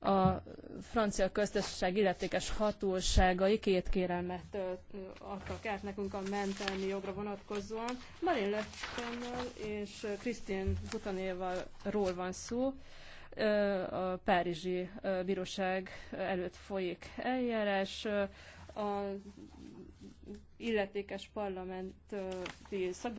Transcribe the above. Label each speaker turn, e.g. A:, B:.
A: A francia köztársaság illetékes hatóságai két kérelmet adtak át nekünk a mentelmi jogra vonatkozóan. Marin Leftennel és Christine Butanéval ról van szó. A Párizsi Bíróság előtt folyik eljárás a illetékes parlamenti szabály.